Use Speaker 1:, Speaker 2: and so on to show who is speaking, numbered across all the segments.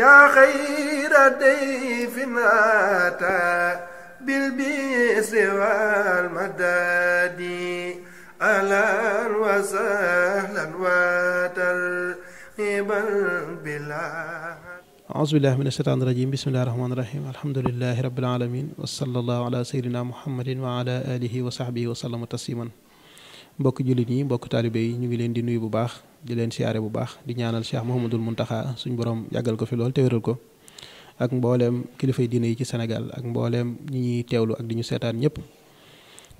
Speaker 1: yaa xayra dayfin ataa bil bisri wal madadi ahlan wa sahlan wa tarhiban bilaa auzu billahi min asheytaan irajim bismillahi rahmaani rahim alhamdulilahi rabbil alamin wa sallallahu ala sayyidina muhammadin wa ala alihi wa sahbihi wa sallama tasliman mbokk jullit yi mbokk taalibe yi ñu ngi leen di nuyu bu baax di leen siyaare bu baax di ñaanal Cheikh Mouhamadul Mountakha suñu borom yàggal ko fi lool te wéral ko ak mbooleem kilifay diine yi ci senegal ak mbooleem ñi ñuy teewlu ak di ñu seetaan ñëpp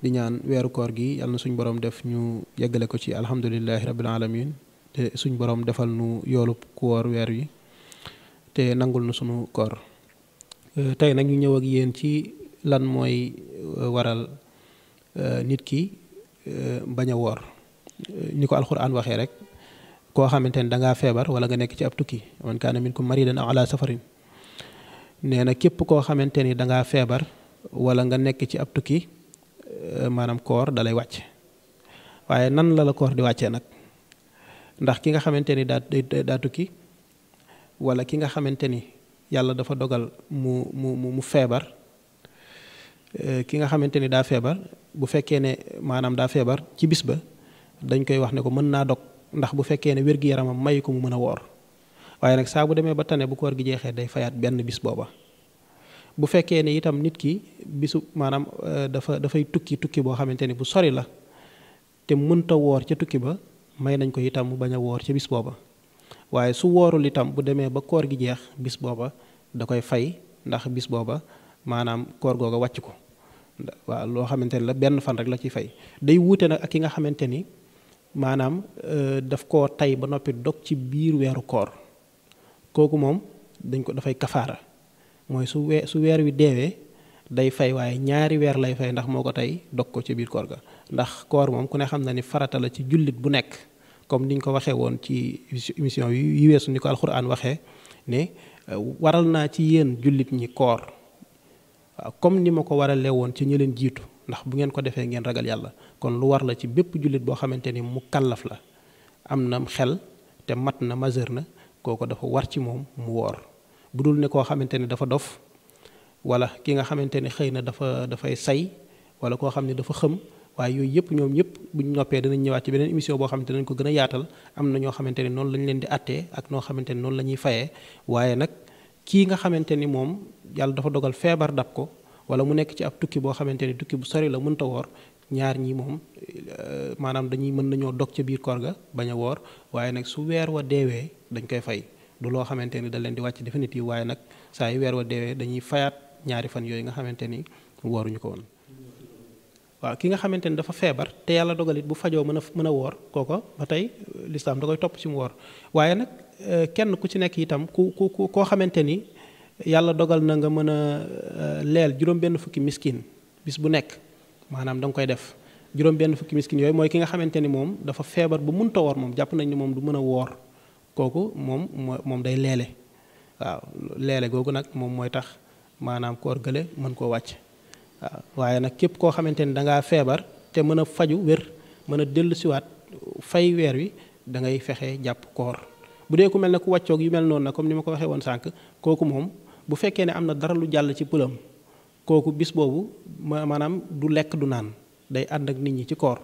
Speaker 1: di ñaan weeru koor gi yàlla na suñ borom def ñu yeggale ko ci alhamdulilahi rabbil alamin te suñ borom defal nu yoolu koor weer yi te nangul na suñu koor euh, tey nag ñu ñëw ak yéen ci lan mooy euh, waral euh, nit ki bañ a woor ni ko alxuraan waxee rek koo xamante ne da ngaa feebar wala nga nekk ci ab tukki man kaana minkum maridan aw ala safarin nee na képp koo xamante ni da ngaa feebar wala nga nekk ci ab tukki eh, maanaam koor dalay wàcc waaye nan la la koor di wàccee nag ndax ki nga xamante ni daa tukki wala ki nga xamante ni yàlla dafa dogal mu mu mu feebar Euh, ki nga xamante ni daa feebar bu fekkee ne maanaam daa feebar ci bis ba dañ koy wax ne ko mën naa dog ndax bu fekkee ne wér-gi-yaramam may ko mu mën a woor waaye nag saa bu demee ba tane bu koor gi jeexee day fayaat benn bis booba bu fekkee ne itam nit ki bisu maanaam euh, dafa dafay tukki tukki boo xamante ni bu sori la te mënta woor ca tukki ba may nañ ko itam mu bañ a woor ca bis booba waaye su woorul itam bu demee ba koor gi jeex bis booba da koy fay ndax bis booba maanaam koor googa wàcc ko waaw loo xamante ni la benn fan rek la ciy fay day wuute nag ak ki nga xamante ni maanaam euh, daf koo tey ba noppi dog ci biir weeru koor kooku moom dañ ko dafay kafaara mooy su wee su weer wi deewee day fay waaye ñaari weer lay fay ndax moo ko tey dog ko ci biir koor ga ndax koor moom ku ne xam na ni farata la ci jullit bu nekk comme niñ ko waxee woon ci émission yi weesu ni ko alxuraan waxee ne waral naa ci yenn jullit ñi koor comme ni ma ko waralee woon ci ñu leen jiitu ndax bu ngeen ko defee ngeen ragal yàlla kon lu war la ci bépp jullit boo xamante ni mu kàllaf la am na xel te mat na majeur na kooku dafa war ci moom mu woor bu dul ne koo xamante ni dafa dof wala kii nga xamante ni xëy na dafa dafay say wala koo xam ne dafa xëm waaye yooyu yëpp ñoom bu ñu noppee danañ ñëwaat ci beneen émission boo xamante dañ ko gën a yaatal am na ñoo xamante ni noonu lañ leen di attee ak noo xamante ni noonu la ñuy fayee waaye nag kii nga xamante ni moom yàlla dafa dogal feebar dab ko wala mu nekk ci ab tukki boo xamante ne tukki bu sori la mënta woor ñaar ñi moom euh, maanaam dañuy mën nañoo dog ca biir koor ga bañ a woor waaye nag su weer wa deewee dañ koy fay du loo xamante ni da leen di wàcc définitive waaye nag saa yu weer wa dañuy fayaat ñaari fan yooyu nga xamante ni wooruñu ko woon waaw ki nga xamante ni dafa feebar te yàlla dogalit bu fajoo mën a mën a woor kooko ba tey euh, lislaam da koy topp ci mu woor waaye nag euh, kenn ku ci nekk itam ku ku koo xamante ni yàlla dogal na nga mën a euh, leel juróom-benn fukki miskin bis bu nekk maanaam danga koy def juróom-benn fukki miskin yooyu mooy ki nga xamante ni moom dafa feebar bu munta woor moom jàpp nañ ni moom du mën a woor kooku moom moom day leele waaw leele googu nag moom mooy tax maanaam koor gële mën koo wàcc waaye nag képp koo xamante ni da ngaa feebar te mën a faju wér mën a dellu siwaat fay weer wi da jàpp koor bu dee ku mel ne ku wàccoog yu ni ma ko waxee woon sànq kooku moom bu fekkee ne am na dara lu jàll ci pëlam kooku bis boobu ma maanaam du lekk du naan day ànd ak nit ñi ci koor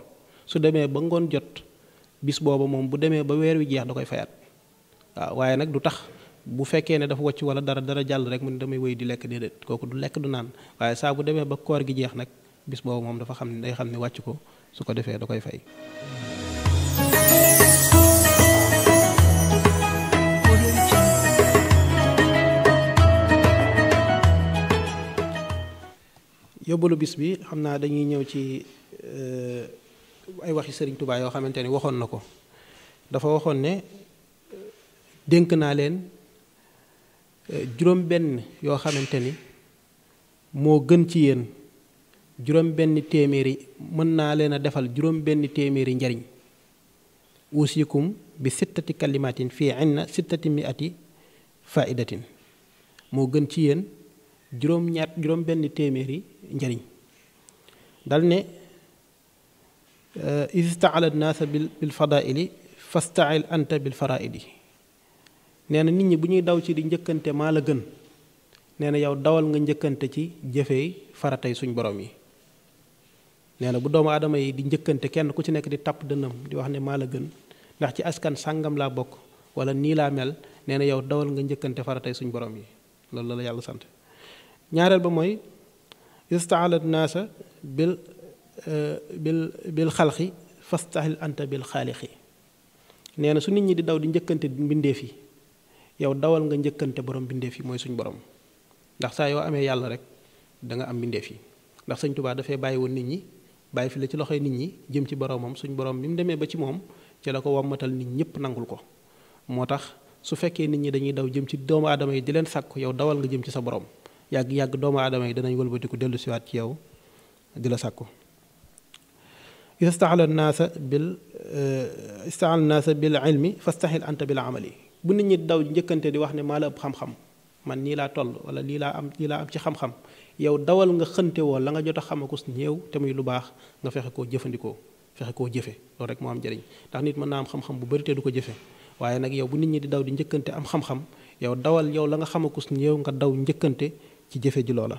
Speaker 1: su demee ba ngoon jot bis boobu moom bu demee ba weer wi jeex da koy fayat waaw waaye nag du tax bu fekkee ne dafa wàcc wala dara dara jàll rek mu ne damay wéy di lekk déedéet kooku du lekk du naan waaye saa bu demee ba koor gi jeex nag bis boobu moom dafa xam ne day xam ne wàcc ko su ko defee da koy fay yóbbalu bis bi xam naa dañuy ñëw ci euh, ay waxi Serigne Touba yoo xamante ne waxoon na ko dafa waxoon ne dénk naa leen euh, juróom-benn yoo xamante ni moo gën ci yéen juróom-benn téeméeri mën naa leen a defal juróom-benn téeméeri njariñ uusikum bi sittati kalimatin fii inna sittati miati faidatin moo gën ci yéen. juróom-ñaar juróom-benn téeméeri njariñ dal ne istaala naasa bil fadaili fastail anta bil faraidi nee na nit ñi bu ñuy daw ci di njëkkante maa la gën nee na yow dawal nga njëkkante ci jëfey faratay suñ borom yi nee na bu doomu aadama yi di njëkkante kenn ku ci nekk di tàpp dënam di wax ne maa la gën ndax ci askan sàngam laa bokk wala nii laa mel nee na yow dawal nga njëkkante faratay suñ borom yi loolu la la yàlla sant ñaareel ba mooy istaalat naasa bil euh, bil bil xalqi fastahil anta bil xaaliqi nee na su nit ñi di daw di njëkkante mbindeef yi yow dawal nga njëkkante borom mbindeef yi mooy suñ borom ndax saa yoo amee yàlla rek danga am mbindeef yi ndax sëñ Tuubaa dafay bàyyi woon nit ñi bàyyi fi la ci loxoy nit ñi jëm ci boromam suñ borom bi mu demee ba ci moom ci la ko wammatal nit ñëpp nangul ko moo tax su fekkee nit ñi dañuy daw jëm ci doomu aadama yi di leen sàkku yow dawal nga jëm ci sa borom. yàgg-yàgg doomu aadama yi danañ wëlbatiku dellu siwaat ci yow di la sàkku istaxala naasa bil eh, istaxala naasa bil ilmi fastaxil anta bil amali bu nit ñi daw njëkkante di wax ne maa la ëpp xam-xam man nii laa toll wala lii laa am lii laa am ci xam-xam yow dawal nga xënte woo la nga jot a xamakus néew te muy lu baax nga fexe koo jëfandikoo fexe koo jëfe loolu rek moo am njëriñ ndax nit mën naa am xam-xam bu bëri te du ko jëfe waaye nag yow bu nit ñi di daw di njëkkante am xam yow dawal yow la nga xamakus néew nga daw njëkkante ci jëfe ji loola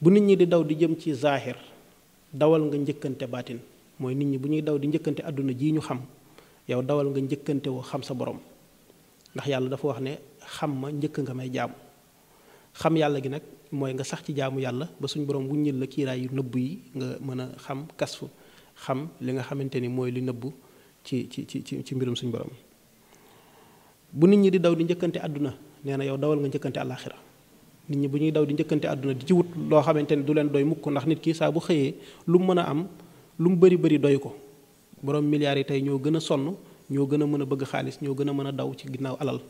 Speaker 1: bu nit ñi di daw di jëm ci zaahir dawal nga njëkkante baatin mooy nit ñi bu ñuy daw di njëkkante àdduna jii ñu xam yow dawal nga njëkkante woo xam sa borom ndax yàlla dafa wax ne xam ma njëkk nga may jaamu xam yàlla gi nag mooy nga sax ci jaamu yàlla ba suñu borom wuññil la kiiraay yu nëbb yi nga mën a xam kasfu xam li nga xamante ni mooy li nëbbu ci ci ci ci mbirum suñu borom bu nit ñi di daw di njëkkante àdduna nee na yow dawal nga njëkkante àllaaxira nit ñi bu ñuy daw di njëkkante àdduna di ci wut loo xamante ne du leen doy mukk ndax nit ki saa bu xëyee lu mu mën a am lu mu bëri bëri doy ko borom milliards yi tey ñoo gën a sonn ñoo gën a mën a bëgg xaalis ñoo gën a mën a daw ci ginnaaw alal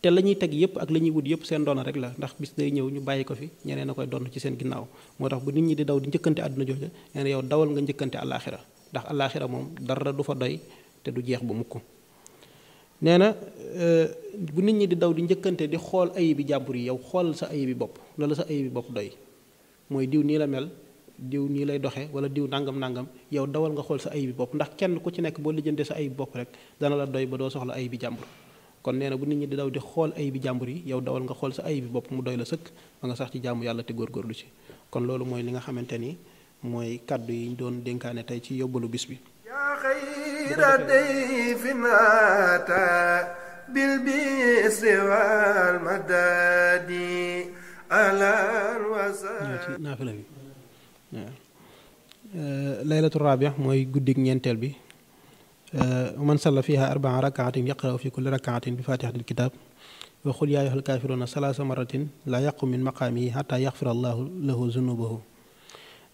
Speaker 1: te la ñuy teg yépp ak la ñuy wut yépp seen doona rek la ndax bis day ñëw ñu bàyyi ko fi ñeneen a koy donn ci seen ginnaaw moo tax bu nit ñi di daw di njëkkante àdduna jooja nee na yow dawal nga njëkkante àllaaxira ndax àllaaxira moom dara du fa doy te du jeex bu mukk nee na euh, bu nit ñi di daw di njëkkante di xool ayibi jàmbur yi yow xool sa ayi bopp loolu sa ayibi bopp doy mooy diw nii la mel diw nii lay doxee wala diw nangam nangam yow dawal nga xool sa ayibi bopp ndax kenn ku ci nekk boo lijjante sa ayibi bopp rek dana la doy ba doo soxla bi jàmbur kon nee na bu nit ñi di daw di xool bi jàmbur yi yow dawal nga xool sa bi bopp mu doy la sëkk ba nga sax ci jaamu yàlla te góorgóorlu si kon loolu mooy li nga xamante ni mooy kàddu yi ñu doon dénkaane tey ci yóbbalu bis bi خير ضيف mooy guddik ñeenteel bi man salla fiha arbaa rakaatin yaqrau fi kulli rakaatin bi fatihatil kitab wa xul yaa ayyuhal kaafiruuna salaasa maratin laa yaqum min maqaamihi xataa yaxfira allahu lahu zunubahu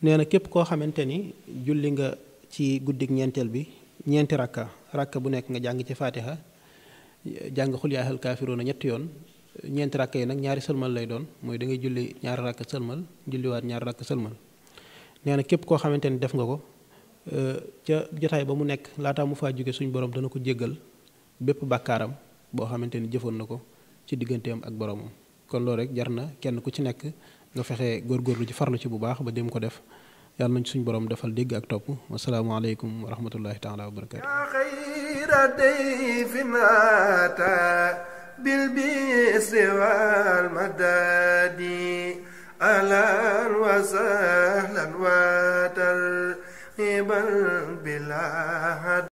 Speaker 1: nee na képp koo xamante ni julli nga ci guddik ñeenteel bi ñeenti rakka rakka bu nekk nga jàng ci faatiha jàng xul yaa ayyuhal kaafiruuna ñetti yoon ñeenti rakka yi nag ñaari sëlmal lay doon mooy da ngay julli ñaari rakka sëlmal julliwaat ñaari rakka sëlmal nee na képp koo xamante ni def nga ko euh, ca jotaay ba mu nekk laataa mu faa jóge suñu borom dana ko jéggal bépp bàkkaaram boo xamante ni jëfoon na ko ci digganteem ak boromam kon loolu rek jar na kenn ku ci nekk nga fexe góor góorgóorlu ci farlu ci bu baax ba dem ko def yàlla nañ suñ borom defal dégg ak topp wasalaamaaleykum wa rahmatullahi taala wa barakatu xayra day fi naata bil bisri wal madadi alan wa sahlan